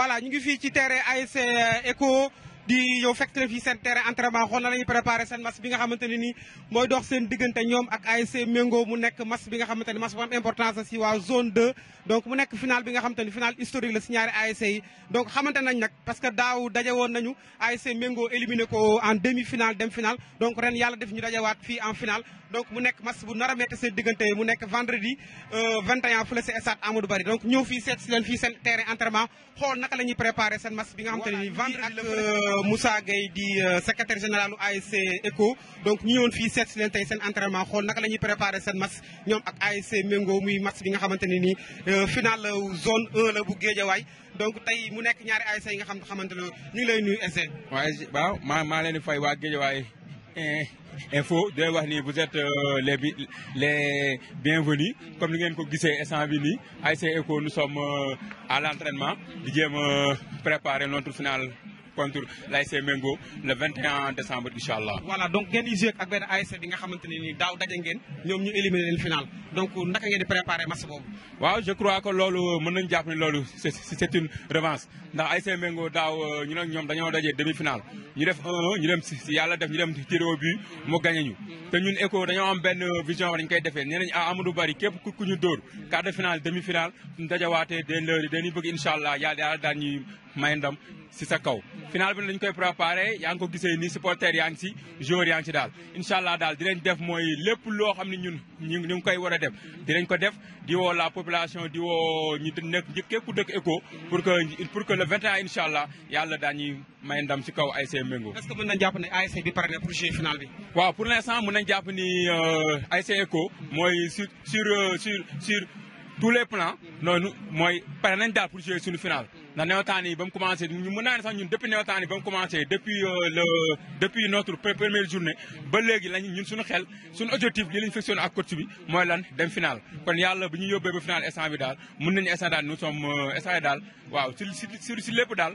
voilà ñu ngi fii ci terrain ASC ECCO euh, di ñëw fekk la fii seen terrain entraînement xool na lañuy préparé seen match bi nga xamante ne nii mooy dox seen diggante ñoom ak ASC Mengo mu nekk match bi nga xamante ne match bu am importance la si waa zone 2. donc mu nekk final bi nga xamante ne final historique la si ñaari ASC yi donc xamante nañ nag parce que daaw daje woon nañu ASC Mengo éliminé ko en demi final dem final donc ren yàlla def ñu dajewaat fi en final. donc mu nekk match bu nar a metti seen diggante mu nekk vendredi 21 euh, fële si stade ñëw fii seet si leen seen terrain entraînement xool naka la ñuy préparé seen match bi nga xam te ne nii vendredi ak euh, Moussa Gueye di euh, secrétaire général u donc ñu ñëwoon fii seet si leen tey seen entraînement xool naka la ñuy préparé seen match ñoom ak bi nga xamante ne nii final zone 1 la bu Guédiawaye donc tey mu nekk ñaari ASC yi nga xam xamante ne ñu ngi lay nuyu SG waaw maa maa leen di fay waa Guédiawaye eh, info vous êtes euh, les bienvenus comme nous ngeen ko instant e nous sommes euh, à l'entraînement nous euh, préparer notre finale contre l'ASC Mengo le 21 décembre incha allah. voilà donc ngeen di joué ak benn ASC bi nga xamante ne nii daaw daje ngeen ñoom ñu éliminé leen final donc naka ngeen di préparé match boobu. waaw je crois que loolu mën nañu jàpp ni loolu c'est c'est une revanche ndax ASC Mengo daaw euh, ñu ne ñoom dañoo daje demi final ñu def 1-1 ñu si yàlla def ñu dem tir au but mu gagné ñu. te ñun ECHO dañoo am benn vision dañ koy defee nee nañu ah, Amadou Bari képp ku ñu dóor quart de finale demi finale dajawaatee dañ la dañuy may ndam si sa kaw final bi ne dañ koy préparé yaa ngi ko gisee nii supporters yaa ngi si joueurs yaa ngi si daal incha allah daal dinañ def mooy lépp loo xam ni ñun ñu ñu ngi koy war a def dinañ ko def di woo la population di woo ñu nekk ñi ku dëkk écho pour que pour que le 21 incha allah yàlla daañuy may ndam si kaw ASC Mengo. est-ce que mën nañ jàpp ne ASC bi pare na pour jouer final bi. waaw pour l'instant mën nañ jàpp ni euh, ASC écho mooy sur sur euh, sur sur tous les plans noonu mooy pare nañ daal pour jouer suñu final. na nawetaan yi ba mu commencé ñu mën naa ne sax ñun depuis nawetaan yi ba mu commencé depuis euh, le depuis journée ba léegi lañ ñun suñu xel sunu objectif li lañ fixé woon ak coach bi mooy lan dem final kon yàlla bu ñu yóbbee ba final instant bi daal mën nañu instant daal nous sommes euh, instant daal waaw si si daal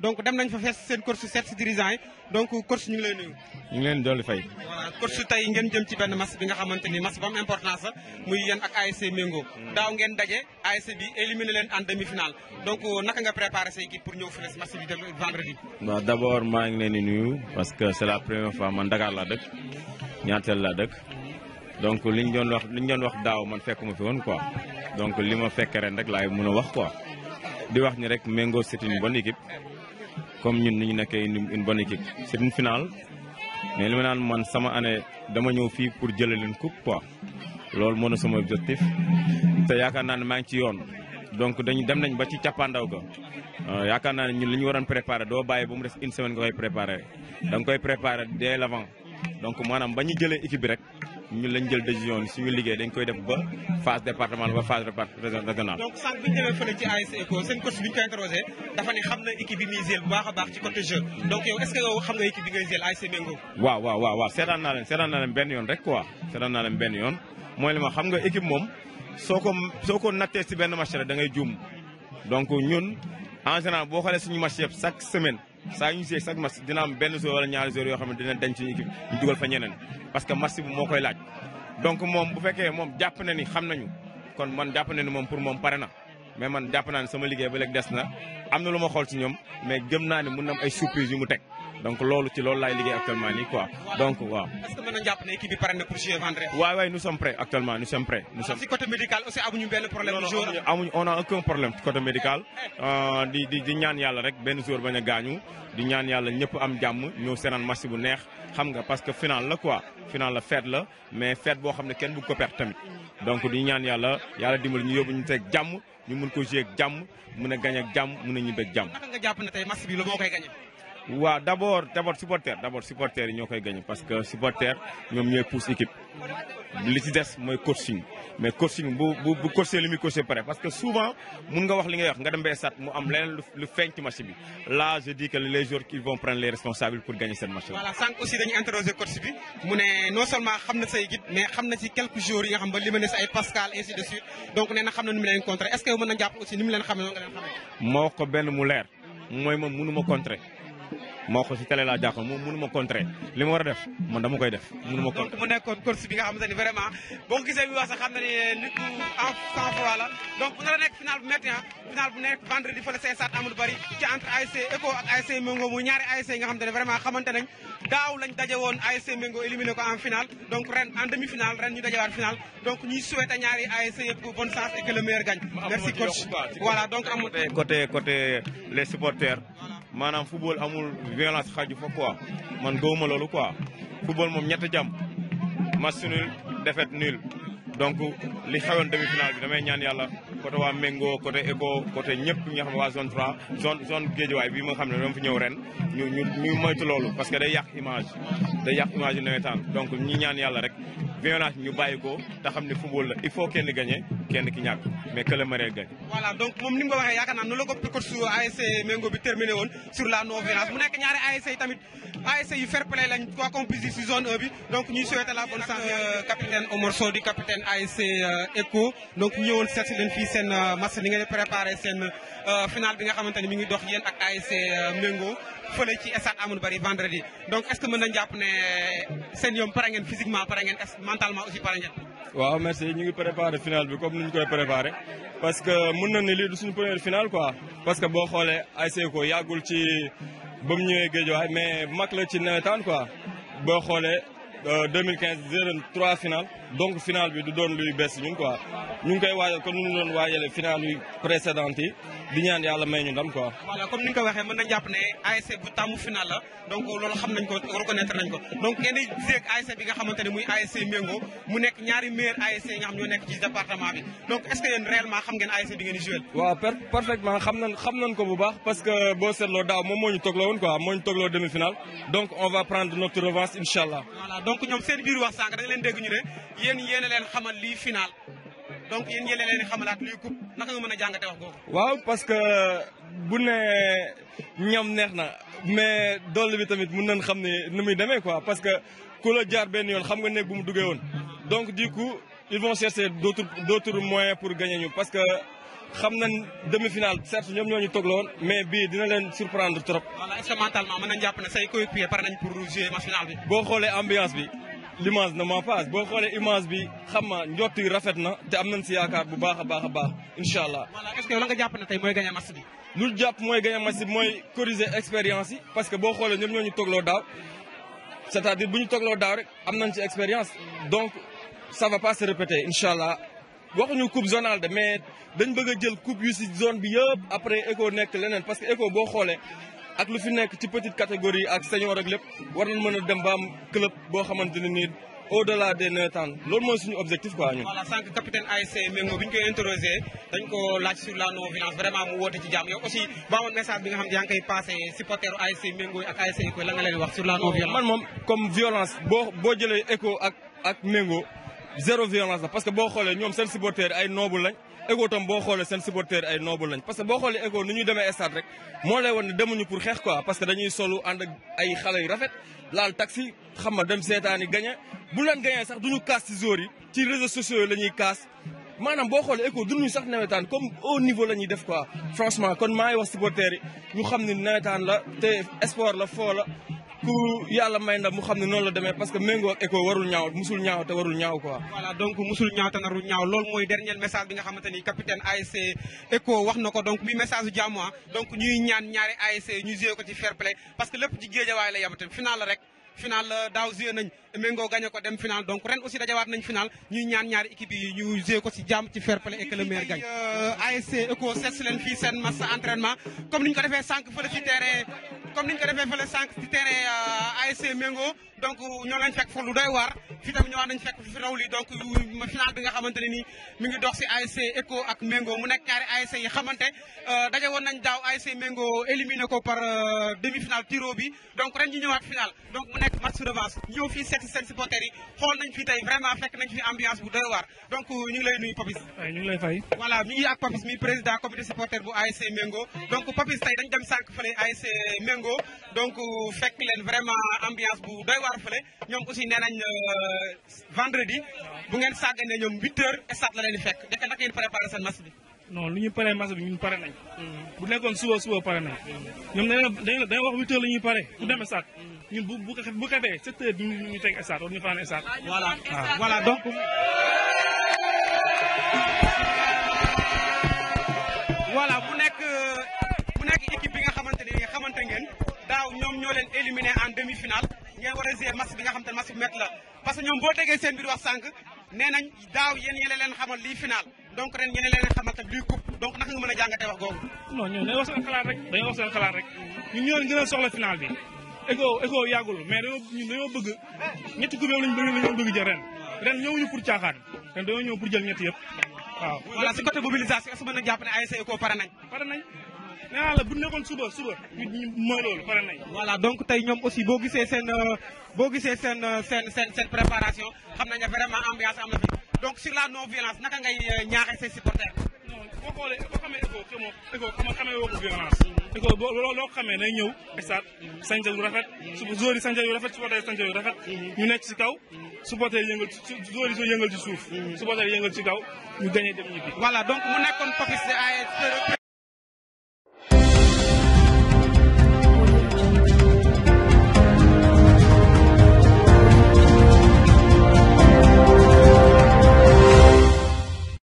donc dem nañ fa fess sen course set si dirigeant yi donc course ñu ngi lay nuyu ñu ngi len doli fay course tay ngeen jëm ci ben match bi nga xamanteni ni match bu am importance muy yeen ak AIC Mengo daw ngeen dajé AIC bi éliminer len en demi finale donc naka nga préparer sa équipe pour ñeu fess les match bi dem vendredi ba d'abord ma ngi len di nuyu parce que c'est la première fois man Dakar la deuk ñaateel la deuk donc liñ doon wax liñ doon wax daw man fekkuma fi won quoi donc li ma fekk ren rek lay mëna wax quoi di wax ni rek Mengo c'est une bonne équipe comme ñun ñu nekkee une bonne équipe c'est une finale mais li ma man sama année dama ñëw fii pour jëlee leen ko quoi loolu moo na sama objectif te yaakaar naa ne maa ngi ci yoon donc dañu dem nañ ba ci cappaandaw ga euh, yaakaar naa ne ñun li ñu waroon préparé doo bàyyi ba mu des une semaine nga koy préparé da koy préparé dès l'avant donc maanaam ba ñu jëlee équipe bi ñun lañ jël décision ni suñu liggéey dañ koy def ba phase départementale ba phase régionale. donc sànq bi ñu demee fële ci ASC e ECHO seen coach bi ñu koy interrogé dafa ne xam na équipe bi muy jël bu baax a baax ci côté jeu donc yow est ce que yow xam nga équipe bi ngay jël ASC e Mengo. waaw waaw waaw waaw seetaan naa leen seetaan naa leen benn yoon rek quoi seetaan naa leen benn yoon mooy li ma xam nga équipe moom soo ko soo ko nattee si benn match rek da ngay juum donc ñun en général boo xoolee suñu match yëpp chaque semaine. saa yu ñu see chaque am benn joueur wala ñaari joueurs yoo xam ne dina denc suñu équipe ñu dugal fa ñeneen parce que match moo koy laaj. donc moom bu fekkee moom jàpp na ni xam nañu kon man jàpp na ni moom pour moom pare na mais man jàpp naa ne sama liggéey ba léegi des na am na lu ma xool si ñoom mais jëm naa ne mun na am ay surprise yu mu teg. donc lolu ci lolu lay liggéey actuellement ni quoi donc wa. est-ce que mën na jàpp ne équipe bi pare na pour jouer vendredi. waaw waaw nous sommes prêts actuellement nous sommes prêts. nous ah, sommes si côté médical aussi amuñu benn problème. du non amuñu on a aucun problème ci côté médical. Eh, eh. Euh di di di ñaan Yalla rek benn jour baña gañu, di ñaan Yalla ñëpp am jamm, ñëw seenaan match bu neex xam nga parce que final la quoi final la fête la mais fête bo xamné kenn bu ko perdre tamit. donc di ñaan Yalla, Yalla dimbali ñu yobu ñu tek jamm, ñu mun ko jouer ak jàmm mun a ak jamm, mun a ñibbeeg jamm. naka nga japp né tay match bi lu moo koy gañe wa d'abord abord supporter d'abord supporter yi ñoo koy gagné parce que supporter ñom ñoy pousse équipe li ci dess moy coaching mais coaching bu bu bu coaché li muy coaché pare parce que souvent mën nga wax li ngay wax nga dem ba sat mu am leneen lu feeñ match bi là je dis que les joueurs qui vont prendre les responsables pour gagner cette match. voilà sank aussi dañuy interroger coach bi mu ne non seulement xamna na say équipe mais xamna ci quelques jours yi nga xam ba li ma ay Pascal ainsi de suite donc nee na xam na nu leen contrer est ce que mën na japp aussi ni mu leen xamee nga leen xamé moko ben mu leer moy moom mënu contrer. moo ko si télé laa jàkkoon mu mënu ma contrer li ma war a def man dama koy def mënu ma contrer mu nekkoon course bi nga xamante ni vraiment boo ko gisee mi wax sax xam euh, nit ku en sans foi la donc bu dara ah. nekk final bu nekk vendredi fële see sat amul bari ci entre ASC ECCO ak ASC Mengo muy ñaari ay yi nga xamante ne vraiment xamante nañ daaw lañ daje woon ay ASC Mengo éliminé ko en final donc ren en demi ren ñu dajewaat final donc ñuy souhaité ñaari ASC yëpp bonne chance et que le meilleur gagne merci coach voilà donc am maanaam football amul violence xaju fa quoi man gëwuma loolu quoi football moom ñett jàmm match nul défaite nul donc li xewoon demi-finale bi damay ñaan yàlla côté waa Mengo côté Eco côté ñëpp ñi nga xam waa zone 3 zone zone Guédiawaye bi ma xam ne doon fi ñëw ren ñu ñu ñu moytu loolu parce que day yàq image day yàq image yu nawetaan donc ñi ñaan yàlla rek violence ñu bàyyi ko te xam ne football la il faut kenn gagné kenn ki ñàkk mais que le meilleur donc moom ni mu ko waxee yaakaar naa noonu la ko coach su ASC Mengo bi terminé woon sur la non violence mu nekk ñaari ASC yi tamit ASC yu fair play lañ quoi qu'on si zone 1 e bi donc ñuy souhaité la euh, capitaine Omar Sow capitaine ASC euh, ECHO donc ñëwoon seet si leen fii seen euh, match ni ngeen préparé seen final bi nga xamante ne mi ngi dox yéen ak ASC fële ci stade Amadou Barry vendredi donc est ce que mën nañ jàpp ne euh, seen yoon pare ngeen physiquement pare ngeen mentalement aussi pare ngeen. waaw merci ñu ngi préparé final bi comme ni ñu koy préparé parce que mën na ne lii du suñu première finale quoi parce que boo xoolee ASC e ko yàggul ci ba mu ñëwee Guédiawaye mais mak la ci nawetaan quoi boo xoolee 2015 0 3 finale. donc final bi du doon luy bess ñun quoi ñu ngi koy waajal comme ñu doon waajalee final yi précédente yi di ñaan yàlla may ñu ndam quoi. voilà comme ni nga ko waxee mën nañu jàpp ne ASC bu tàmmu final la donc loolu xam nañ ko reconnaître nañ ko donc ngeen di gisee ASC bi nga xamante ne muy ASC Mengo mu nekk ñaari meilleurs ASC yi nga xam ñoo nekk ci département bi donc est ce que yéen réellement xam ngeen ASC bi ngeen di joué. waaw per parfaitement xam nañ xam nañ ko bu baax parce que boo seetloo daaw moom moo ñu togloo woon quoi moo ñu togloo demi final donc on va prendre notre revanche incha allah. voilà donc ñoom seen biir wax sànq da leen dégg ñu ne yen yene len xamal li final donc yen yéen len leen xamalaat coupe naka nga mën a wax gogo waaw parce que bu ne ñom neexna mais dolli bi tamit mën nañ xam ne ni muy demee quoi parce que ku la jaar ben yoon xam nga ne bu mu duggee woon. donc du coup ils vont chercher d'autres d'autres moyens pour gagner ñu parce que. xam nañ demi final certes ñom ñoo ñu togloon mais bi dina len surprendre trop. voilà est-ce que mentalement mën nañ jàpp ne say coéquipier par nañ pour jouer match final bi. bo xolé ambiance bi l'image ne ment pas boo xoolee image bi xam nga njott yi rafet na te am si yaakaar bu baax a baax inshallah. baax est-ce que yow la nga jàpp ne tey mooy gagné match bi. lu jàpp mooy gagné match bi mooy corriger expérience parce que boo xoolee ñoom ñoo ñu toogloo daaw c'est-à-dire bu ñu toogloo daaw rek am ci expérience donc ça va pas se répéter incha allah. waxuñu coupe zonale de mais dañ bëgg a jël coupe yu zone bi yëpp après ECHO nekk leneen parce que ECHO boo xoolee. ak lu fi nekk ci petite catégorie ak senior ak lépp war nañ mën a dem ba club boo xamante ne nii au delà des neuf ans loolu mooy suñu objectif quoi ñun. voilà sànq capitaine ASC Mengo bi ñu koy interroger dañ ko laaj sur la non violence vraiment mu woote ci jàmm yow aussi ba amoon message bi nga xam ne yaa ngi koy passé supporteru ASC Mengo ak ASC Eco la nga leen wax sur la non violence. ak ak Mengo zéro violence parce que boo xoolee ñoom seen supporter ay noble lañ. ego tam boo xoolee seen supporter ay noble lañ parce que boo xoolee ego nu ñuy demee stade rek moo lay wan ne demuñu pour xeex quoi parce que dañuy solu ànd ay xale yu rafet laal taxi xam nga dem seetaani gañe bu leen gañee sax duñu kaas ci joueurs yi ci réseaux sociaux yi la ñuy kaas maanaam boo xoolee ECHO duñu sax nawetaan comme au niveau la ñuy def quoi franchement kon maa ngi wax supporters yi ñu xam ni nawetaan la te sport la foo la ku yàlla may ndam mu xam ne noonu la demee parce que méngoo ak warul ñaaw musul ñaaw warul ñaaw quoi. donc musul ñaaw te narul ñaaw loolu mooy dernier message bi nga xamante capitaine ASC ECHO wax na ko donc muy message jàmm ah. donc ñuy ñaan ñaari ASC ñu joué ko ci fair play parce que lépp ci géejawaay la yem tamit rek. final daaw joué nañ méngoo gagné ko dem final donc ren aussi dajawaat nañ final ñuy ñaan ñaari équipe yi ñu joué ko comme ni ñu ko defee fële sànq ci terrain euh, ASC Mengo donc ñoo leen fekk fa lu doy waar fi tamit ñëwaat nañ fekk fi raw donc final bi nga xamante nii mi ngi dox si ASC ECCO ak Mengo mu nekk carré euh, ko par euh, demi final tiro bi donc ren ñu ñëwaat final donc mu nekk match revanche fii seet si seen supporters yi xool nañ fi tey vraiment fekk nañ fi ASC Mengo donc fekk leen vraiment ambiance bu doy waar waar fële ñoom aussi nee euh, vendredi bu ngeen sàgganee ñoom 8 heures la leen di fekk dëkk naka ngeen préparé seen match bi. non lu ñu paree match bi ñun pare nañ. Mm. bu nekkoon suba suba pare nañ. Mm. ñoom dañu la dañu wax 8 heures la ñuy pare. bu mm. demee stade ñun bu bu bu xefee 7 heures ñu ñu teg stade war ñu fanaan stade. Ah, ah, voilà donc. voilà mu nekk mu nekk équipe bi nga xamante ne xamante ngeen daaw ñoom ñoo leen éliminé en demi-finale. ngeen war a gérer match bi nga xam te ne match bu métti la parce que ñoom boo déggee seen biir wax sànq nee nañ daaw yéen ñi xamal lii final donc ren ñi la xamal tam lii coupe donc naka nga mën a jàngatee wax googu. non ñooñu dañoo wax seen xalaat rek dañoo wax seen xalaat rek ñun ñoo leen gën a soxla final bi. ECHO ECHO yàggul mais dañoo bëgg ñetti coupe lañ bëgg lañ bëgg ñetti yëpp waaw. voilà si côté mobilisation est mën na jàpp ne ASC ECHO pare nañ. nee naa la bu nekkoon suba suba ñu mooy loolu pare nañ. voilà donc tey ñoom aussi boo gisee seen euh, boo gisee seen euh, seen seen seen préparation xam nañ ne vraiment ambiance am na fi donc sur la non violence naka ngay euh, ñaaxee ses supporters. non boo xoolee boo xamee ECHO kii moom ECHO xam nga xamee waxu violence. ECHO boo loo xamee day ñëw stade sañse yu rafet. su joueur yi sañse yu rafet supporters yi sañse yu rafet. ñu nekk ci kaw. supporters yi yëngal ci joueur yi yëngal ci suuf. supporters yi yëngal ci kaw ñu gagné dem ñibbi. voilà donc mu nekkoon focus ay